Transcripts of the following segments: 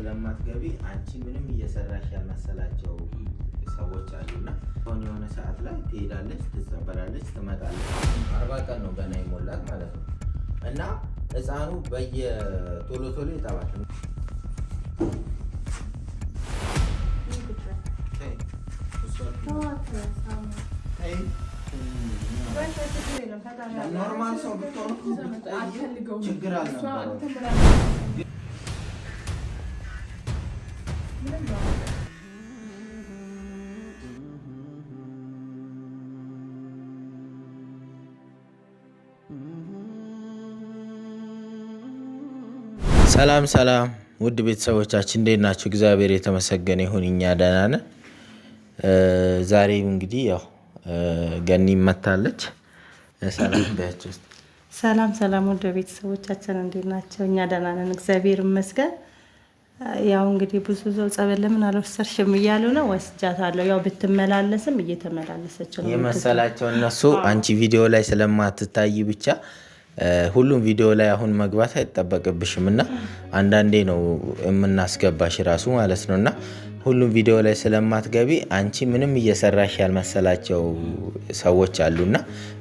ስለማትገቢ አንቺ ምንም እየሰራሽ ያልመሰላቸው ሰዎች አሉና አሁን የሆነ ሰዓት ላይ ትሄዳለች፣ ትጸበላለች፣ ትመጣለች። አርባ ቀን ነው ገና ይሞላት ማለት ነው እና ህፃኑ በየቶሎ ቶሎ ይጠባል። ኖርማል ሰው ብትሆኑ ችግር አልነበረው። ሰላም ሰላም ውድ ቤተሰቦቻችን እንዴት ናቸው? እግዚአብሔር የተመሰገነ ይሁን እኛ ደህና ነን። ዛሬም እንግዲህ ያው ገኒ መታለች። ሰላም ሰላም ሰላም ውድ ቤተሰቦቻችን እንዴት ናቸው? እኛ ደህና ነን፣ እግዚአብሔር ይመስገን። ያው እንግዲህ ብዙ ሰው ጸበል ለምን አልወሰድሽም እያሉ ነው። ወስጃታለሁ። ያው ብትመላለስም እየተመላለሰች ነው የመሰላቸው እነሱ። አንቺ ቪዲዮ ላይ ስለማትታይ ብቻ ሁሉም ቪዲዮ ላይ አሁን መግባት አይጠበቅብሽም እና አንዳንዴ ነው የምናስገባሽ ራሱ ማለት ነው እና ሁሉም ቪዲዮ ላይ ስለማትገቢ አንቺ ምንም እየሰራሽ ያልመሰላቸው ሰዎች አሉና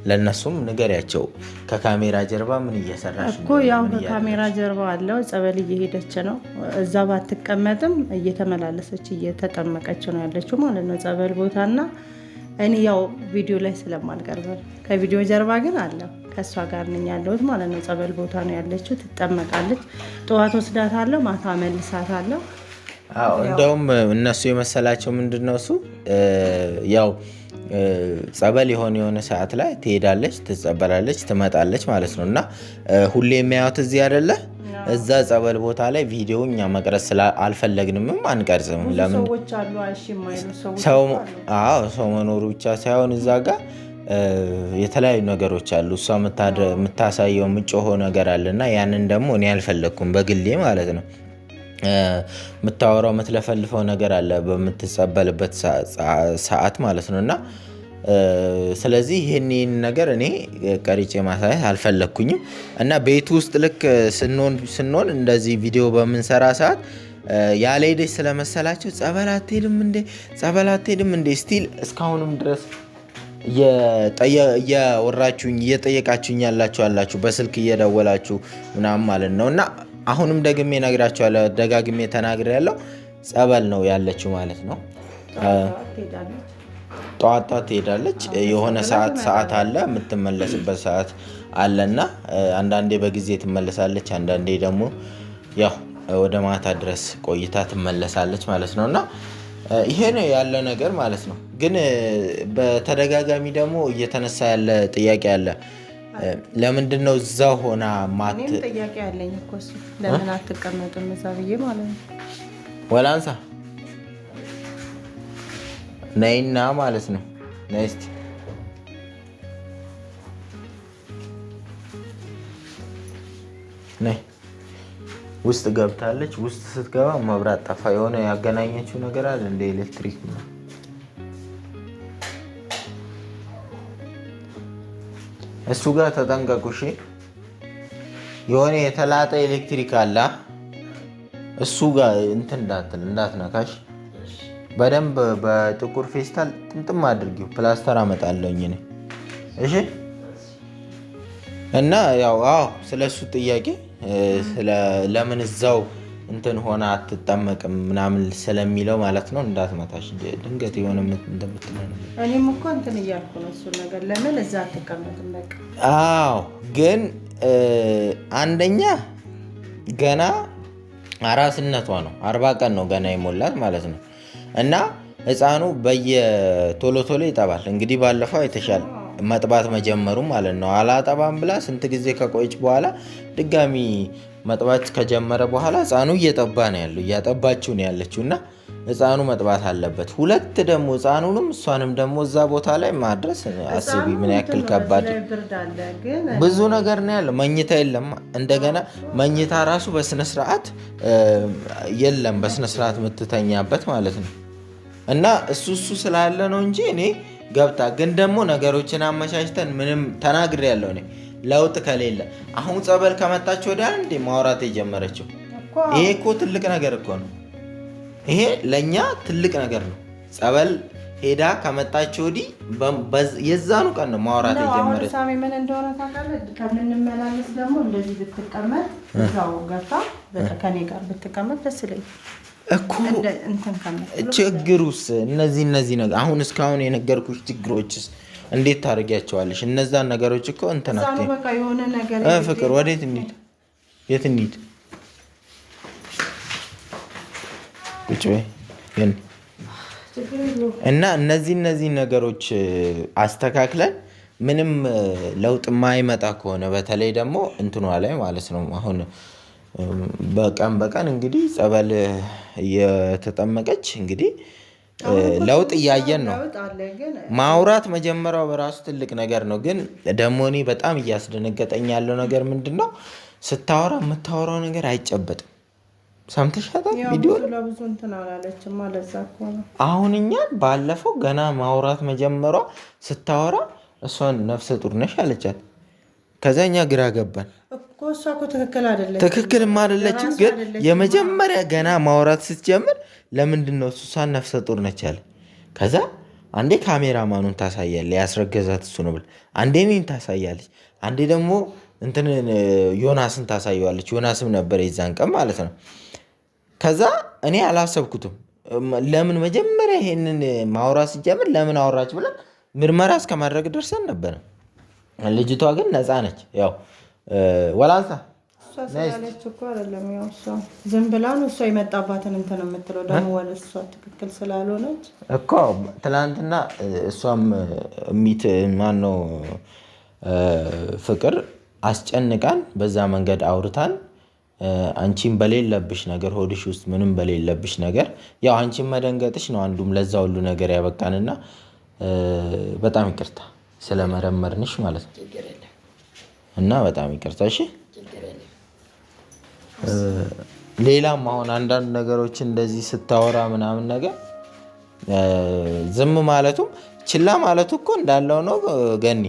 ለእነሱም ንገሪያቸው። ከካሜራ ጀርባ ምን እየሰራሽ እኮ ያው ከካሜራ ጀርባ አለው ጸበል እየሄደች ነው። እዛ ባትቀመጥም እየተመላለሰች እየተጠመቀች ነው ያለችው ማለት ነው ጸበል ቦታና እኔ ያው ቪዲዮ ላይ ስለማልቀርብ ከቪዲዮ ጀርባ ግን አለ። ከእሷ ጋር ነኝ ያለሁት ማለት ነው። ጸበል ቦታ ነው ያለችው። ትጠመቃለች። ጠዋት ወስዳታለሁ፣ ማታ መልሳታለሁ። አዎ እንደውም እነሱ የመሰላቸው ምንድን ነው እሱ ያው ጸበል የሆነ የሆነ ሰዓት ላይ ትሄዳለች፣ ትጸበላለች፣ ትመጣለች ማለት ነው እና ሁሌ የሚያዩት እዚህ አይደለ እዛ ጸበል ቦታ ላይ ቪዲዮ እኛ መቅረጽ አልፈለግንምም፣ አንቀርጽም። ለምን ሰው መኖሩ ብቻ ሳይሆን እዛ ጋር የተለያዩ ነገሮች አሉ። እሷ የምታሳየው ምጮሆ ነገር አለና ያንን ደግሞ እኔ አልፈለግኩም በግሌ ማለት ነው። የምታወራው የምትለፈልፈው ነገር አለ በምትጸበልበት ሰዓት ማለት ነው። እና ስለዚህ ይህን ነገር እኔ ቀሪጬ ማሳየት አልፈለግኩኝም። እና ቤት ውስጥ ልክ ስንሆን እንደዚህ ቪዲዮ በምንሰራ ሰዓት ያለሄደች ስለመሰላቸው ጸበል አትሄድም እንዴ ጸበል አትሄድም እንዴ ስቲል እስካሁንም ድረስ እያወራችሁኝ እየጠየቃችሁኝ ያላችሁ አላችሁ በስልክ እየደወላችሁ ምናምን ማለት ነው እና አሁንም ደግሜ እነግራቸዋለሁ፣ ደጋግሜ ተናግሬ ያለው ጸበል ነው ያለችው ማለት ነው። ጠዋት ጠዋት ትሄዳለች። የሆነ ሰዓት ሰዓት አለ የምትመለስበት ሰዓት አለና አንዳንዴ በጊዜ ትመለሳለች፣ አንዳንዴ ደግሞ ያው ወደ ማታ ድረስ ቆይታ ትመለሳለች ማለት ነው። እና ይሄ ነው ያለ ነገር ማለት ነው። ግን በተደጋጋሚ ደግሞ እየተነሳ ያለ ጥያቄ አለ። ለምንድን ነው እዛ ሆና ማት ጥያቄ ያለኝ እኮ እሱ ለምን አትቀመጥም እዛ ብዬ ማለት ነው። ወላንሳ ነይና ማለት ነው። ነይ እስኪ ነይ። ውስጥ ገብታለች። ውስጥ ስትገባ መብራት ጠፋ። የሆነ ያገናኘችው ነገር አለ እንደ ኤሌክትሪክ እሱ ጋር ተጠንቀቁ። እሺ፣ የሆነ የተላጠ ኤሌክትሪክ አለ። እሱ ጋር እንትን እንዳትል እንዳትነካሽ፣ በደንብ በጥቁር ፌስታል ጥምጥም አድርጊው። ፕላስተር አመጣለኝ እኔ። እሺ። እና ያው አዎ፣ ስለ እሱ ጥያቄ ለምን እዛው እንትን ሆነ አትጠመቅም ምናምን ስለሚለው ማለት ነው። እንዳትመታሽ ድንገት የሆነ እንደምትለው እኔም እኮ እንትን እያልኩ ነው እሱ ነገር ለምን እዛ አትቀመጥም? በቃ አዎ። ግን አንደኛ ገና አራስነቷ ነው። አርባ ቀን ነው ገና የሞላት ማለት ነው። እና ህፃኑ በየቶሎ ቶሎ ይጠባል። እንግዲህ ባለፈው አይተሻል መጥባት መጀመሩ ማለት ነው። አላጠባም ብላ ስንት ጊዜ ከቆየች በኋላ ድጋሚ መጥባት ከጀመረ በኋላ ህፃኑ እየጠባ ነው ያለው እያጠባችው ነው ያለችው እና ህፃኑ መጥባት አለበት። ሁለት ደግሞ ህፃኑንም እሷንም ደግሞ እዛ ቦታ ላይ ማድረስ አስቢ፣ ምን ያክል ከባድ ብዙ ነገር ነው ያለው። መኝታ የለም፣ እንደገና መኝታ ራሱ በስነስርዓት የለም፣ በስነስርዓት የምትተኛበት ማለት ነው። እና እሱ እሱ ስላለ ነው እንጂ እኔ ገብታ ግን ደግሞ ነገሮችን አመቻችተን ምንም ተናግሬ ያለው እኔ ለውጥ ከሌለ አሁን ጸበል ከመጣች ወዲያ እንደ ማውራት የጀመረችው? ይሄ እኮ ትልቅ ነገር እኮ ነው። ይሄ ለእኛ ትልቅ ነገር ነው። ጸበል ሄዳ ከመጣች ወዲህ የዛኑ ቀን ነው ማውራት የጀመረችው። ሳሜ ምን እንደሆነ ታውቃለህ? ከምንመላለስ ደግሞ እንደዚህ ብትቀመጥ እዛው ገብታ ከኔ ጋር ብትቀመጥ ደስ ይለኛል። እኮ ችግሩስ እነዚህ እነዚህ ነገር አሁን እስካሁን የነገርኩሽ ችግሮችስ እንዴት ታደርጊያቸዋለሽ? እነዛን ነገሮች እኮ እንትና ፍቅር ወዴት እንሂድ? የት እንሂድ? ቁጭ በይ እና እነዚህ እነዚህ ነገሮች አስተካክለን ምንም ለውጥ የማይመጣ ከሆነ በተለይ ደግሞ እንትኗ ላይ ማለት ነው። አሁን በቀን በቀን እንግዲህ ጸበል እየተጠመቀች እንግዲህ ለውጥ እያየን ነው። ማውራት መጀመሪያው በራሱ ትልቅ ነገር ነው። ግን ደግሞ እኔ በጣም እያስደነገጠኝ ያለው ነገር ምንድን ነው? ስታወራ የምታወራው ነገር አይጨበጥም። ሰምተሻታል? አሁን እኛን ባለፈው ገና ማውራት መጀመሯ ስታወራ እሷን ነፍሰ ጡር ነሽ አለቻት። ከዛ እኛ ግራ ገባን። ትክክልም አይደለችም፣ ግን የመጀመሪያ ገና ማውራት ስትጀምር ለምንድን ነው እሱሳን ነፍሰ ጡር ነች አለ። ከዛ አንዴ ካሜራማኑን ታሳያለ ያስረገዛት እሱ ነው ብላ፣ አንዴ እኔን ታሳያለች፣ አንዴ ደግሞ እንትን ዮናስን ታሳየዋለች። ዮናስም ነበር የዛን ቀን ማለት ነው። ከዛ እኔ አላሰብኩትም። ለምን መጀመሪያ ይሄንን ማውራት ስትጀምር ለምን አወራች ብለን ምርመራ እስከማድረግ ደርሰን ነበርም። ልጅቷ ግን ነፃ ነች። ያው ወላንሳ ዝም ብላ ነው እሷ የመጣባትን እንትን የምትለው ደግሞ እሷ ትክክል ስላልሆነች እኮ ትናንትና እሷም ሚት ማነው ፍቅር አስጨንቃን በዛ መንገድ አውርታን አንቺም በሌለብሽ ነገር ሆድሽ ውስጥ ምንም በሌለብሽ ነገር ያው አንቺም መደንገጥሽ ነው አንዱም ለዛ ሁሉ ነገር ያበቃንና በጣም ይቅርታ ስለመረመርንሽ ማለት ነው። እና በጣም ይቅርታ እሺ። ሌላም አሁን አንዳንድ ነገሮችን እንደዚህ ስታወራ ምናምን ነገር ዝም ማለቱ ችላ ማለቱ እኮ እንዳለው ነው። ገኒ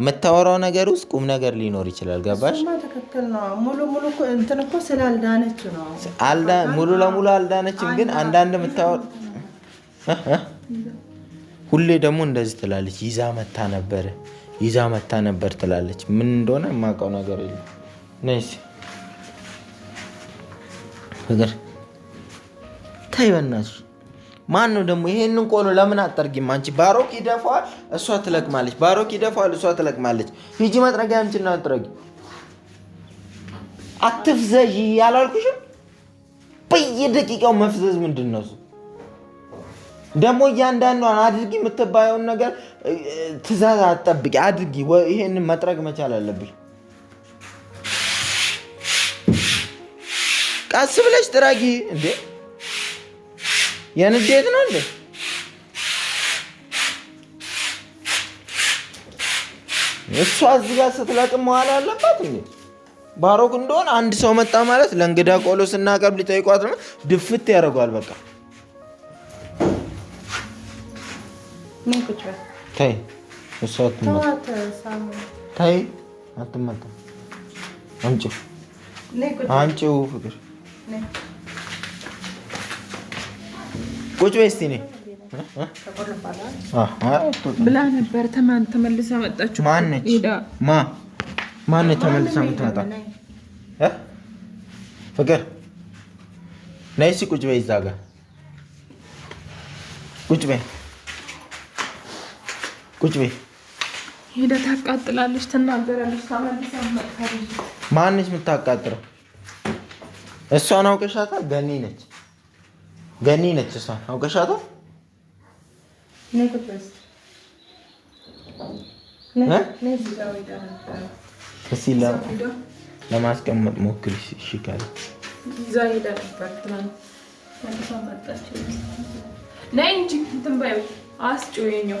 የምታወራው ነገር ውስጥ ቁም ነገር ሊኖር ይችላል። ገባሽ? ሙሉ ለሙሉ አልዳነችም፣ ግን አንዳንድ ሁሌ ደግሞ እንደዚህ ትላለች፣ ይዛ መታ ነበር፣ ይዛ መታ ነበር ትላለች። ምን እንደሆነ የማውቀው ነገር የለም። ነይስ ፍቅር ተይ በእናትሽ። ማን ነው ደግሞ ይሄንን ቆሎ ለምን አጠርጊም? አንቺ ባሮክ ይደፋዋል፣ እሷ ትለቅማለች፣ ባሮክ ይደፋዋል፣ እሷ ትለቅማለች። ሂጂ መጥረጊያ አንቺና አጥረጊ። አትፍዘዥ ያላልኩሽም። በየደቂቃው መፍዘዝ ምንድን ነው እሱ ደግሞ እያንዳንዷን አድርጊ የምትባየውን ነገር ትእዛዝ አትጠብቂ፣ አድርጊ። ይሄን መጥረግ መቻል አለብኝ። ቀስ ብለሽ ጥረጊ። እንዴ የንዴት ነው እንዴ? እሷ እዚህ ጋር ስትለቅም መዋል አለባት እንዴ? ባሮክ እንደሆነ አንድ ሰው መጣ ማለት ለእንግዳ ቆሎ ስናቀርብ ሊጠይቋት ነው ድፍት ያደርጓል። በቃ ምን ቁጭ በል ተይ፣ እሷ አምጪው አምጪው፣ ፍቅር ቁጭ በይ እስኪ። እኔ ብላ ነበር ተመልሳ መጣች። ማነች ማነች ተመልሳ የምትመጣ? ፍቅር ነይ እስኪ ቁጭ በይ፣ እዛ ጋር ቁጭ በይ ቁጭ በይ። ሄደ ታቃጥላለች፣ ትናገራለች። ታመልሳ። ማንች የምታቃጥለው እሷን አውቀሻታል? ገኒ ነች፣ ገኒ ነች። እሷን አውቀሻታል? እስኪ ለማስቀመጥ ሞክሪ። እሺ ካለ ይዛ ሄዳ ነበር ትናንት። መልሳ መጣች። ነይ እንጂ እንትን በይው አስጭው የኛው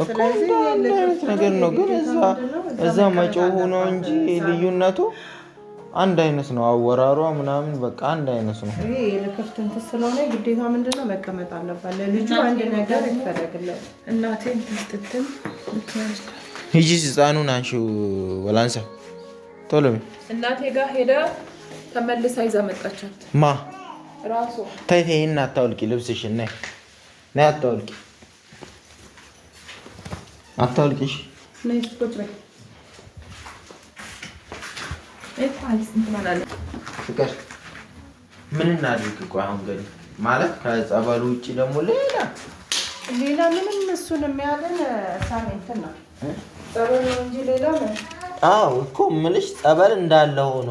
አንድ አይነት ነገር ነው፣ ግን እዛ መጮሁ ነው እንጂ ልዩነቱ አንድ አይነት ነው። አወራሯ ምናምን በቃ አንድ አይነት ነው። የልክፍት እንትን ስለሆነ ግዴታ ምንድነው መቀመጥ አለባት። ለልጁ አንድ ነገር ይፈለግለት። እናቴን ትስጥትን ሂጂ፣ ህፃኑን አንሺው፣ ወላንሳ ቶሎ እናቴ ጋር ሄደ ተመልሳ ይዛ መጣቻት። ማ ራሱ ተይ፣ ይሄን አታውልቂ ልብስሽ ነይ ነይ አታወልቂ፣ አታወልቂ። እሺ ነይ ቁጭ በይ። ፍቅር ምን እናድርግ? ቆይ አሁን ገ ማለት ከጸበሉ ውጭ ደግሞ ሌላ ሌላ ምንም እሱን የሚያለን ሳሚ ነው ጸበሉ እንጂ ሌላ አዎ እኮ የምልሽ ጸበል እንዳለ ሆኖ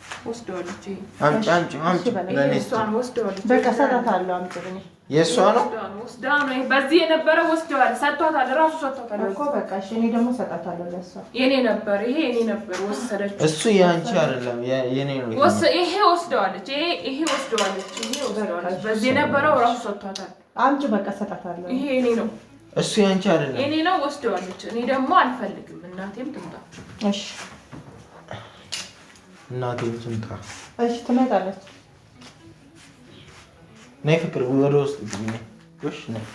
ወስደዋለች። አምጪ አምጪ አምጪ። ራሱ ሰጥቷታል ነበር ይሄ፣ የኔ ነበር እሱ የአንቺ አይደለም የኔ ነው። ይሄ ወስደዋለች፣ ይሄ ወስደዋለች፣ ይሄ ወስደዋለች። በዚህ የነበረው ራሱ ሰጥቷታል። አምጪ በቃ ሰጣታለሁ። ይሄ የኔ ነው። እሱ የአንቺ አይደለም፣ የኔ ነው። ወስደዋለች። እኔ ደግሞ አልፈልግም። እናቴም ትምጣ። እሺ እናቴ ትምጣ። እሺ ትመጣለች። ነይ ፍቅር፣ ወደ ውስጥ ግቢ። እሺ ነይ፣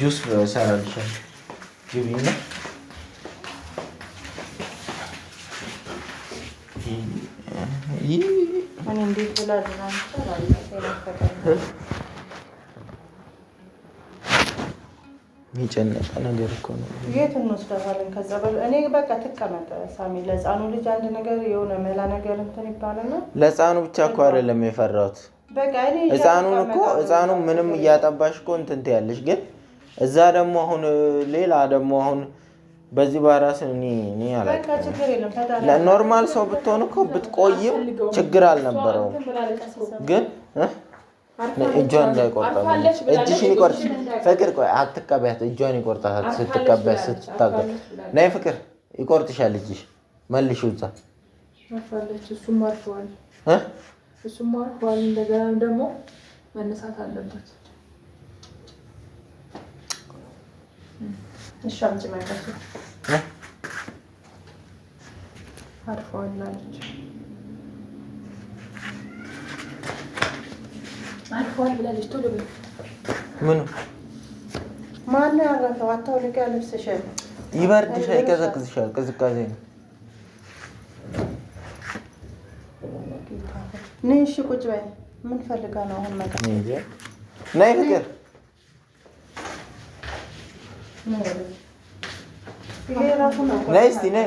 ጁስ እሰራልሻለሁ። ግቢ እና ይህ እንዴት ብላ የሚጨነቀ ነገር እኮ ነው። የት እንወስደዋለን? ከዛ በ እኔ በቃ ትቀመጠ ሳሚ። ለሕፃኑ ልጅ አንድ ነገር የሆነ መላ ነገር እንትን ይባልና ለሕፃኑ ብቻ እኮ አይደለም የፈራሁት። ህፃኑን እኮ ህፃኑ ምንም እያጠባሽ እኮ እንትን ትያለሽ። ግን እዛ ደግሞ አሁን ሌላ ደግሞ አሁን በዚህ በራስ ኖርማል ሰው ብትሆን እኮ ብትቆይም ችግር አልነበረውም ግን እጇን እንዳይቆርጣለች እጅሽን ይቆርጥ። ፍቅር ቆይ አትቀበያት፣ እጇን ይቆርጣታል። ስትቀበያት ስትታገ ናይ ፍቅር ይቆርጥሻል። እጅሽ መልሽ ውዛ እሱም አርፈዋል። እንደገና ደግሞ መነሳት አለበት። ምኑ ማነው ያረፈው? አታውልቂያ ልብስሽን። ይበርድሻል፣ ይቀዘቅዝሻል። ቅዝቃዜ ነው። ነይ እሺ፣ ቁጭ በይ። ምን ፈልጋ ነው አሁን? መጣ ነይ ፍቅር ነይ እስኪ ነይ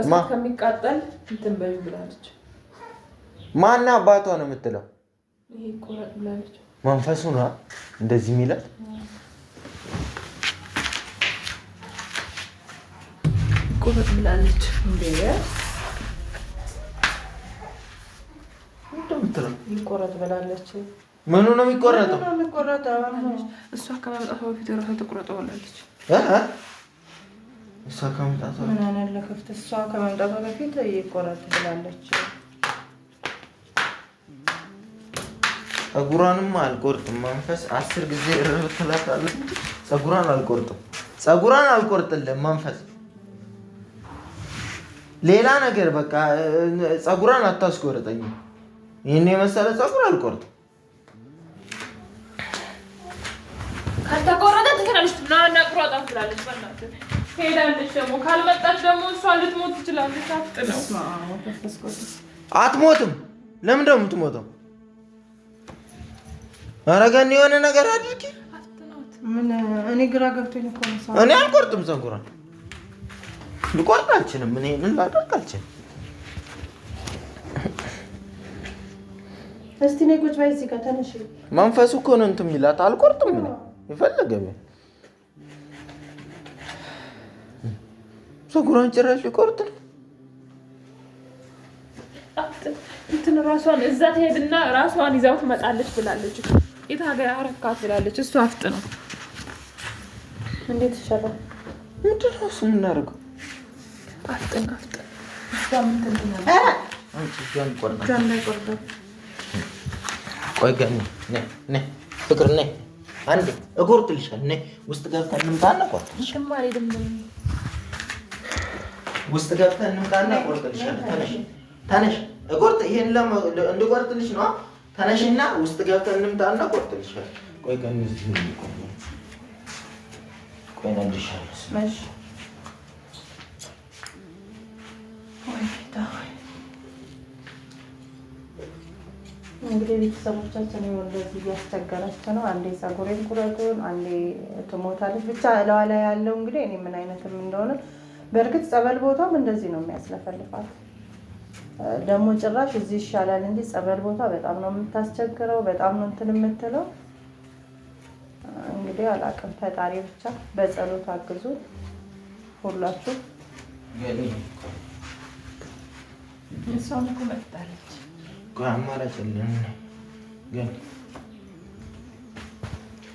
በእሳት ከሚቃጠል እንትን በይ ብላለች። ማና አባቷ ነው የምትለው መንፈሱ ነው እንደዚህ የሚላት ቁረጥ ብላለች። ይቆረጥ ብላለች። ምኑ ነው የሚቆረጠው? እሷ ከመምጣቷ በፊት ራሷ ትቆረጠዋለች። እሷ ከመምጣቷ ምን አይነት ለክፍት እሷ ከመምጣቷ በፊት ይቆረጥ ብላለች። ፀጉሯንም አልቆርጥም መንፈስ አስር ጊዜ ትላታለች። ፀጉሯን አልቆርጥም፣ ፀጉሯን አልቆርጥልም መንፈስ ሌላ ነገር በቃ ፀጉሯን አታስቆርጠኝም። ይህን የመሰለ ፀጉር አልቆርጥም። ካልተቆረጠ ትላለች፣ ና ቁረጣ ትላለች። ሄዳለች። ደግሞ ካልመጣች ደግሞ እሷ ልትሞት ትችላለች። አትሞትም። ለምን ደግሞ የምትሞተው? አረጋን የሆነ ነገር አድርጊ። እኔ ግራ ገብቶኝ እኮ ነው። እኔ አልቆርጥም፣ ፀጉሯን ልቆርጥ አልችልም። ላደርግ አልችልም። እስቲ ነይ ቁጭ በይ እዚህ ጋር ተነሽ። መንፈሱ እኮ ነው እንትን የሚላት አልቆርጥም። ጸጉሯን ጭራሽ ሊቆርጥ ነው። እንትን ራሷን እዛ ትሄድና ራሷን ይዛው ትመጣለች ብላለች። የት ሀገር አረካት ብላለች። እሱ አፍጥ ነው። እንዴት ይሻላል? ምንድን ነው እሱ የምናደርገው? አፍጥን አፍጥን። ቆይ ገኒ ፍቅር ነይ፣ አንዴ እጎርጥልሻለሁ። ነይ ውስጥ ገብተን እንምጣና ቋጥልሽ ውስጥ ገብተን እንምጣና እቆርጥልሻለሁ። ተነሽ ተነሽ፣ እቆርጥ ይሄን እንድቆርጥልሽ ነው። ተነሽና ውስጥ ገብተን እንምጣና እቆርጥልሻለሁ። ቆይ ቀን ቆይ ነድሻለሁ። እንግዲህ ቤተሰቦቻችን እንደዚህ እያስቸገረች ነው። አንዴ ጸጉሬን ቁረጡን፣ አንዴ ትሞታለች። ብቻ እለዋ ላይ ያለው እንግዲህ እኔ ምን አይነትም እንደሆነ በእርግጥ ጸበል ቦታም እንደዚህ ነው የሚያስለፈልፋት። ደግሞ ጭራሽ እዚህ ይሻላል እንጂ ጸበል ቦታ በጣም ነው የምታስቸግረው፣ በጣም ነው እንትን የምትለው። እንግዲህ አላቅም፣ ፈጣሪ ብቻ በጸሎት አግዙ ሁላችሁ። ሰውን እኮ መጥታለች። አማራጭ ግን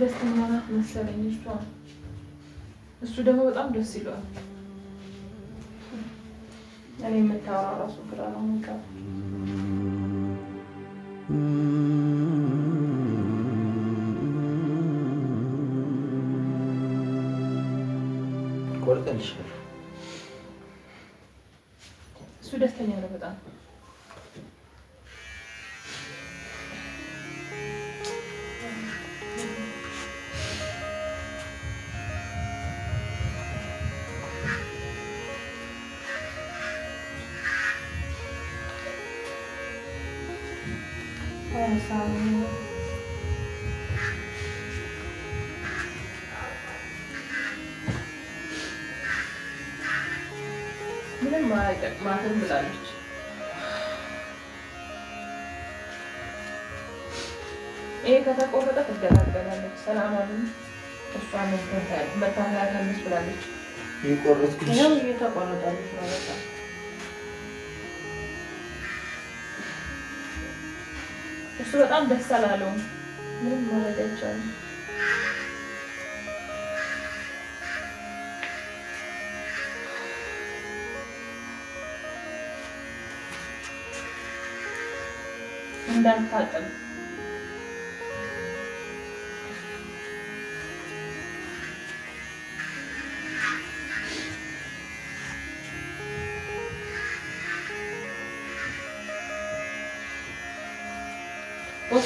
ደስተኛ ናት መሰለኝ እሷ። እሱ ደግሞ በጣም ደስ ይለዋል። እኔ የምታወራው እራሱ ግራ ነው የሚቀር ቆርጠልሻል። እሱ ደስተኛ ነው በጣም የቆረጥኩት ነው እሱ በጣም ደስ አላለውም። ምንም ማድረግ አይቻልም። እንዳልታጠብ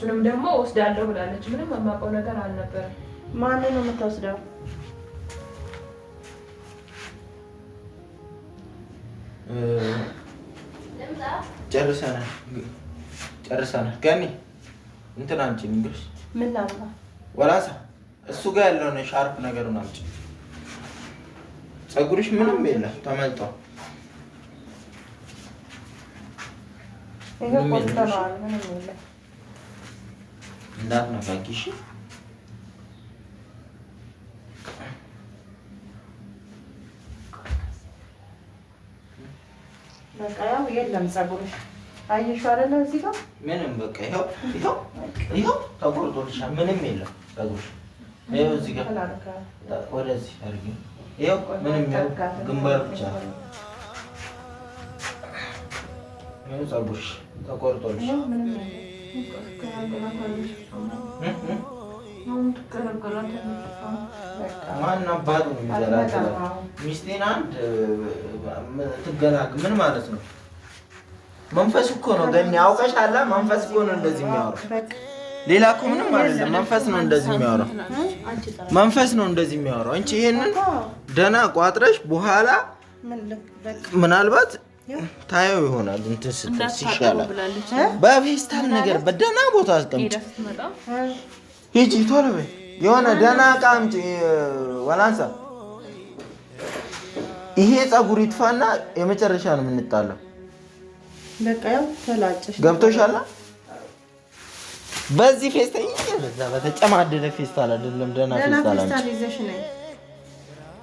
እሱንም ደግሞ ወስዳለሁ ብላለች። ምንም የማውቀው ነገር አልነበረም። ማን ነው የምታወስደው? ጨርሰናል ጨርሰናል። ገኒ እንትን አንቺ ንግስ ምን ላምጣ? ወላሳ እሱ ጋር ያለው ነው ሻርፕ ነገሩን አምጪ። ፀጉርሽ ምንም የለም ተመልጦ ይሄ ቆጥተነዋል። ምንም የለም እንዳትነፋቂ እሺ። በቃ ያው የለም ፀጉርሽ አየሽው አይደለ? እዚህ ጋር ምንም በቃ ይኸው ይኸው ይኸው ተቆርጦልሻል። ምንም የለም ፀጉርሽ። ይኸው እዚህ ጋር ወደዚህ አድርጊ። ይኸው ምንም ግንባር ብቻ ይኸው ፀጉርሽ ተቆርጦልሻል። ማን ሚስቴን አንድ ትገላግ ምን ማለት ነው? መንፈስ እኮ ነው ገኒ አውቀሽ አላ መንፈስ እኮ ነው እንደዚህ የሚያወራው። ሌላ እኮ ምንም አይደለም። መንፈስ ነው እንደዚህ የሚያወራው። መንፈስ ነው እንደዚህ የሚያወራው ይሄንን ደህና ቋጥረሽ በኋላ ምናልባት ታየው ይሆናል እንትን ስትል ይሻላል። በፌስታል ነገር በደህና ቦታ አስቀምጪ። ሂጂ ቶሎ በይ። የሆነ ደህና ዕቃ አምጪ። ወላንሳ ይሄ ፀጉር ይጥፋና የመጨረሻ ነው የምንጣለው። በቃ ያው ተላጨሽ ገብቶሻል። በዚህ ፌስታል በዛ በተጨማደደ ፌስታል አይደለም ደህና ፌስታል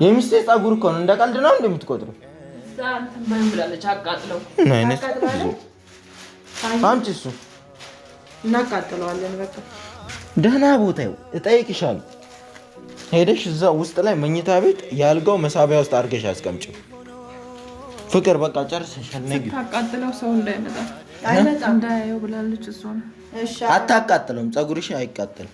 የሚስቴ ፀጉር እኮ ነው። እንደ ቀልድ ነው እንደምትቆጥሩ አምጪ እሱ እናቃጥለዋለን። በቃ ደህና ቦታ እጠይቅሻለሁ። ሄደሽ እዛ ውስጥ ላይ መኝታ ቤት ያልጋው መሳቢያ ውስጥ አድርገሽ አስቀምጪው። ፍቅር በቃ ጨርሰሻል። ነጊ ታቃጥለው ሰው እንዳይመጣ አይመጣ እንዳያየው ብላለች። እሷ አታቃጥለውም። ፀጉርሽ አይቃጥልም።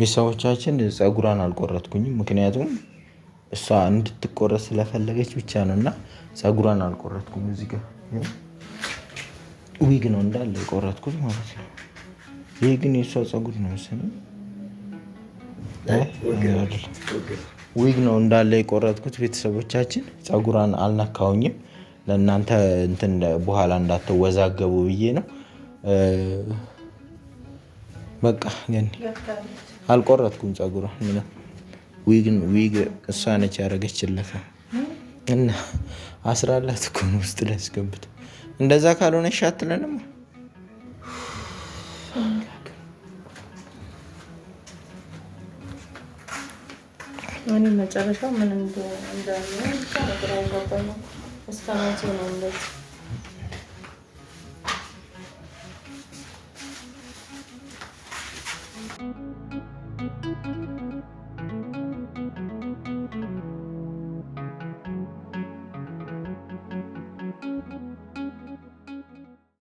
ቤተሰቦቻችን ፀጉሯን አልቆረጥኩኝም ምክንያቱም እሷ እንድትቆረጥ ስለፈለገች ብቻ ነው። እና ፀጉሯን አልቆረጥኩም። እዚህ ጋር ዊግ ነው እንዳለ የቆረጥኩት ማለት ነው። ይህ ግን የእሷ ጸጉር ነው መሰለኝ። ዊግ ነው እንዳለ የቆረጥኩት። ቤተሰቦቻችን ፀጉሯን አልነካውኝም። ለእናንተ እንትን በኋላ እንዳትወዛገቡ ብዬ ነው። በቃ ግን አልቆረጥኩም ጸጉሯን ምንም ዊግ እሷ ነች ያደረገችለት እና አስራላት እኮ ነው ውስጥ ላይ እንደዛ ካልሆነ ሻትለንም እኔ መጨረሻው ምን